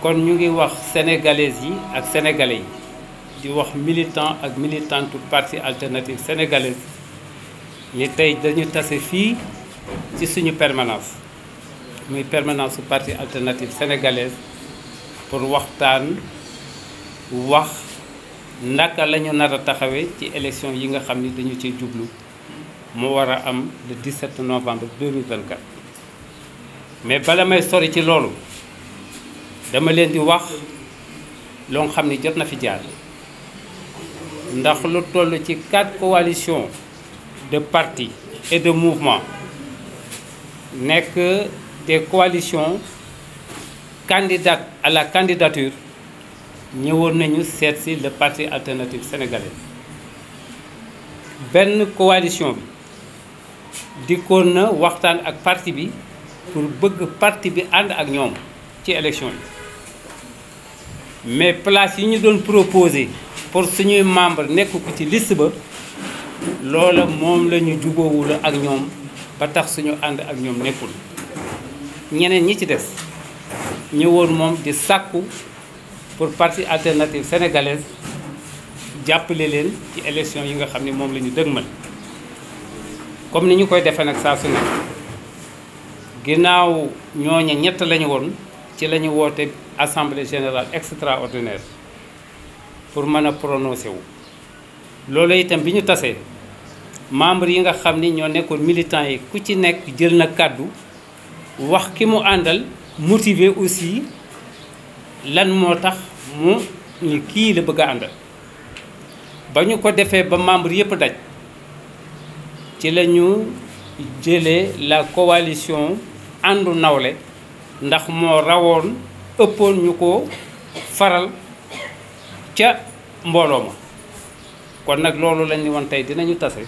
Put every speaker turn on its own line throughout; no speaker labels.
kon ñu ngi wax sénégalaises yi ak sénégalais yi di wax militant ak militante parti alternative sénégalaise ni tey dañu tase fii ci suñu permanence muy permanence su parti alternative sénégalaise pour waxtaan wax naka lañu ñu nar a taxawee ci élection yi nga xam ni dañu ci jublu moo war a am le 17 novembre 2024 mais bala may sori ci loolu dama leen di wax loo xam ni jot na fi jaar ndax lu toll ci quatre coalitions de partis et de mouvements nekk de coalitions candidates à candidature ñëwoon nañu seetsi si le parti alternative sénégalais benn coalition bi dikkoon na waxtaan ak parti bi pour bëgg parti bi ànd ak ñoom ci élection yi mais place yi ñu doon proposé pour suñuy membre nekk ko ci list ba loola moom la ñu juboowul ak ñoom ba tax suñu ànd ak ñoom nekkul ñeneen ñi ci des ñëwoon moom di sàkku pour parti alternative sénégalaise jàppale leen ci élection yi nga xam ni moom la ñu dëgmal comme ni ñu koy defee nag saa su ne ginnaaw ñooña ñett lañu woon ci la ñu woote assemblée générale extraordinaire pour mën a prononcé wu. loolu itam bi ñu tasee membres yi nga xam ni ñoo nekkoon militants yi ku ci nekk jël na kàddu wax ki mu àndal motiver aussi lan moo tax mu ni kii la bëgg a àndal ba ñu ko defee ba membre yëpp daj ci lañu ñu jëlee la coalition àndu nawle ndax moo rawoon ëppoon ñu ko faral ca mbooloo ma kon nag loolu lañ ni tey dinañu tase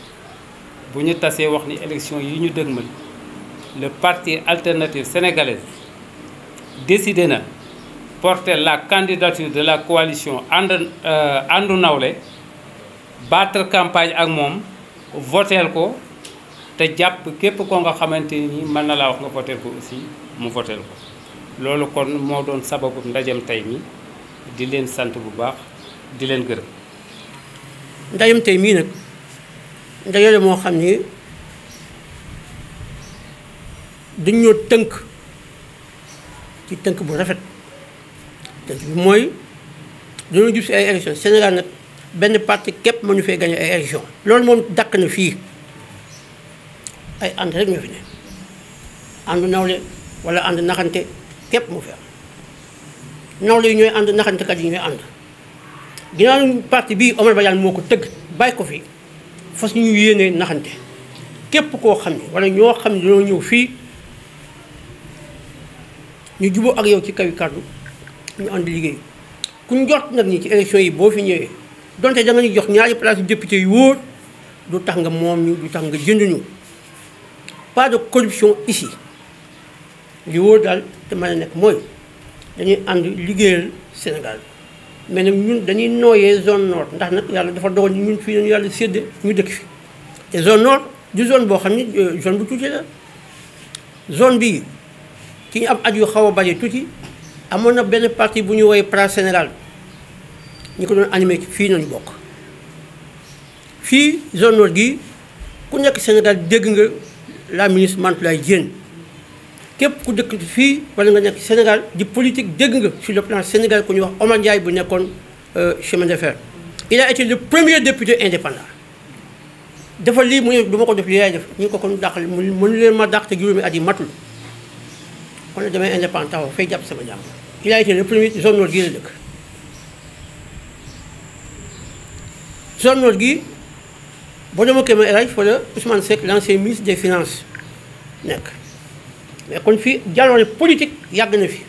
bu ñu tasee wax ni élection yi ñu dëgmal le partie alternative sénégalaise décidé na porter la candidature de la coalition ànd àndu euh, nawle battre campagne ak moom voteel ko te jàpp képp ko nga xamante ni mën na laa wax nga voteel ko aussi mu voteel ko loolu kon moo doon sababu ndajam tey mii di leen sant bu baax di leen gërëm
ndajam tey mii nag ndaje moo xam ni dañ ñoo tënk ci tënk bu rafet tënk bi mooy dañoo jub si ay élection Sénégal nag benn parti képp mënu fee gagné ay élection loolu moom daq na fii ay ànd rek ñoo fi ne ànd nawle wala ànd naxante képp mu fi nawle yi ñooy ànd naxantekat yi ñooy ànd ginnaaw parti bii Omar Badiane moo ko tëgg bàyyi ko fi fas ñu yéenee naxante képp koo xam ne wala ñoo xam ne dañoo ñëw fii ñu juboo ak yow ci kaw kàddu ñu ànd liggéey ku ñu jot nag ñi ci élection yi boo fi ñëwee donte da nga ñu jox ñaari place yu député yu wóor du tax nga moom ñu du tax nga jënd ñu pas de corruption ici li wóor daal te mën na nekk mooy dañuy ànd liggéeyal Sénégal mais na ñun dañuy nooyee zone nord ndax nag yàlla dafa dogal ñun fii dañu yàlla sédde ñu dëkk fi te zone nord du zone boo xam ni euh, zone bu tuuti la zone bi ci ñu am at yu xaw a bari tuuti amoon na benn parti bu ñu woowee plan Sénégal ñu ko doon animé fii nañu bokk fii zone nord gi ku nekk Sénégal dégg nga la ministre Mantoulaye Diène képp ku dëkk fii wala nga nekk Sénégal di politique dégg nga sur le plan Sénégal ku ñuy wax Omar Ndiaye bu nekkoon euh, chemin de fer. il a été le premier député indépendant dafa lii mu ne du ma ko def li yaay def ñu ngi ko kon dàqal mënu leen ma dàq te juróomi at yi matul kon nag damay indépendant taxaw fay jàpp sama jàmm il a été le premier zone nord gii la dëkk zone nord boo dama kéema El Hadj fa la Ousmane ministre des finances nekk mais kon fii jaloore politique yàgg na fi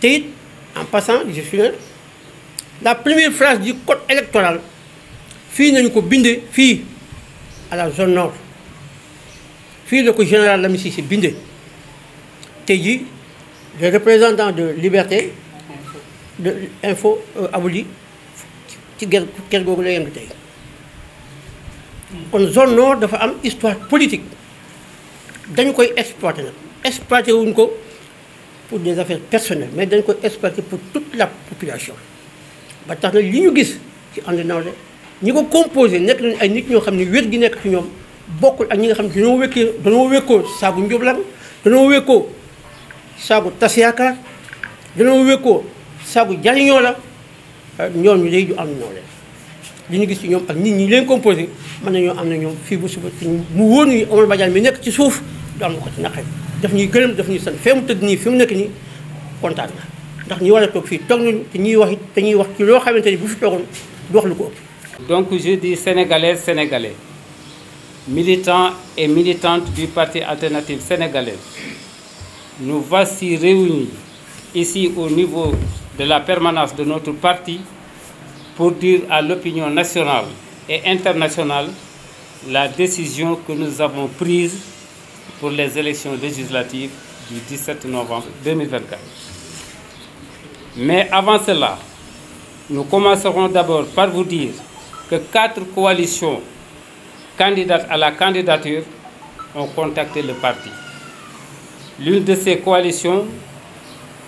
te it en passant je suis la première phrase du code électoral fii nañu ko bindee fii à la zone nord fii la ko général lamisi si bindee tey ji le représentant de liberté de info euh, abouli ci ger ker googu la yem tey kon zone nord dafa am histoire politique dañu koy exploité nag exploité wuñ ko pour des affaires personnelles mais dañ koy exploité pour toute la population ba tax na li ñu gis ci ànd nawle ñi ko composé nekk nañu ay nit ñoo xam ne wér gi nekk ci ñoom bokkul ak ñi nga xam ne dañoo wékkee dañoo wékkoo saagu njublan dañoo wékkoo saagu tas yaakaar dañoo wékkoo saagu jariñoo la ñooñu euh, day ñu ànd nawle li ñu gis ci ñoom ak nit ñi leen composé mën ñoo am na ñoom fii bu suba te mu wóor ñu Omar Badiane mi nekk ci suuf am na ko ci naqari daf ñuy gërëm def ñuy sant fee mu tëdd nii fi mu nekk nii kontaan na ndax ñi war a toog fii toog nañu te ñuy wax it te ñuy wax ci loo xamante ni bu fi toogoon du wax lu ko ëpp.
donc je dis sénégalais sénégalais
militants et
militantes du parti alternative sénégalais nous voici réunis ici au niveau de la permanence de notre parti pour dire à l'opinion nationale et internationale la décision que nous avons prise pour les élections législatives du 17 novembre 2024. Mais avant cela, nous commencerons d'abord par vous dire que quatre coalitions candidates à la candidature ont contacté le parti. L'une de ces coalitions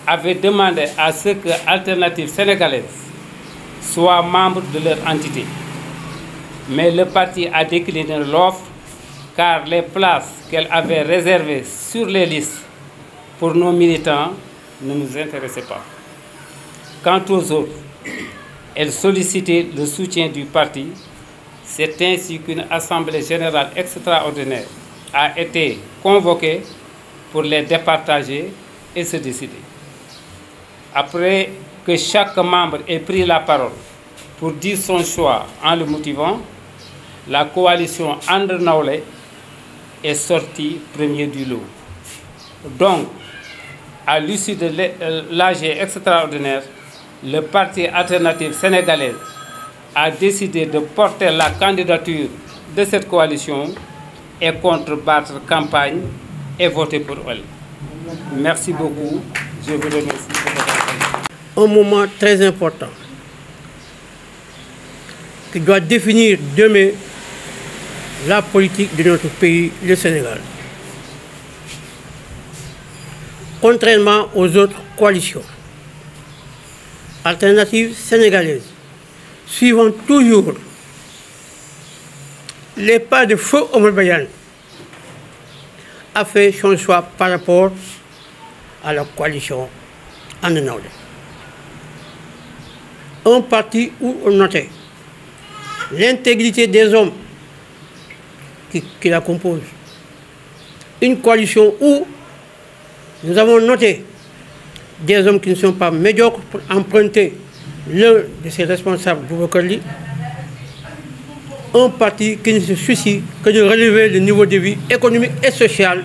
avait demandé à ce que Alternative sénégalaise soit membre de leur entité. Mais le parti a décliné l'offre car les places qu'elle avait réservées sur les listes pour nos militants ne nous intéressaient pas. Quant aux autres, elle sollicitait le soutien du parti. C'est ainsi qu'une assemblée générale extraordinaire a été convoquée pour les départager et se décider. Après que chaque membre ait pris la parole pour dire son choix en le motivant, la coalition André Naoulé est sorti premier du lot. Donc, à l'issue de l'AG euh, extraordinaire, le Parti alternatif sénégalais a décidé de porter la candidature de cette coalition et contrebattre campagne et voter pour elle. beaucoup. Je vous
remercie. très important qui la politique de notre pays, le Sénégal. Contrairement aux autres coalitions, alternatives sénégalaises, suivant toujours les pas de feu Omar a fait son choix par rapport à la coalition en Un parti où on notait l'intégrité des hommes qui, qui la compose. Une coalition où nous avons noté des hommes qui ne sont pas médiocres pour emprunter l'un de ses responsables, li un parti qui ne se soucie que de relever le niveau de vie économique et social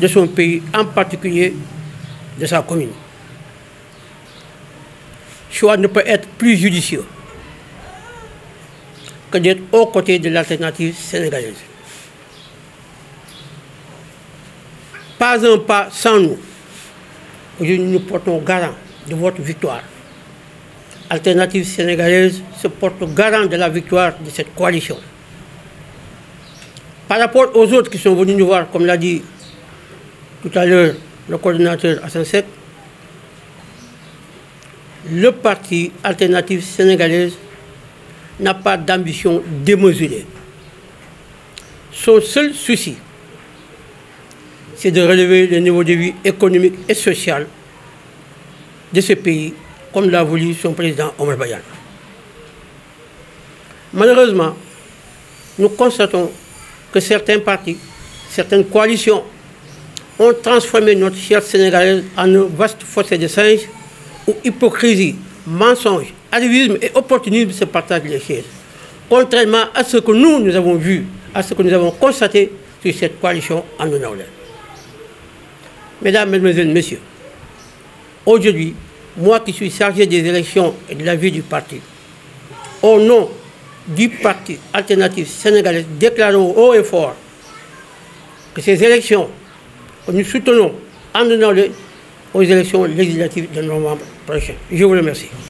de son pays, en particulier de sa commune. Choix ne peut être plus judicieux que d'être aux côtés de l'alternative pas un pas sans nous. Aujourd'hui, nous portons garant de votre victoire. Alternative sénégalaise se porte garant de la victoire de cette coalition. Par rapport aux autres qui sont venus nous comme l'a dit tout à l'heure le coordinateur Hassan Sek, le parti alternative sénégalaise n'a pas d'ambition démesurée. Son seul souci, c'est de relever le niveau de vie économique et social de ce pays, comme l'a voulu son président Omar Bayan. Malheureusement, nous constatons que certains partis, certaines coalitions ont transformé notre chère sénégalaise en une vaste fossé de singes où hypocrisie, mensonge, arrivisme et opportunisme se partagent les chaises. Contrairement à ce que nous, avons vu, à ce que nous avons constaté sur cette coalition en Nounaulet. Mesdames, Mesdemoiselles, Messieurs, aujourd'hui, moi qui suis chargé des élections et de la vie du parti, au nom du Parti alternatif sénégalais, déclarons haut et fort que ces élections nous soutenons en les élections législatives de novembre prochain.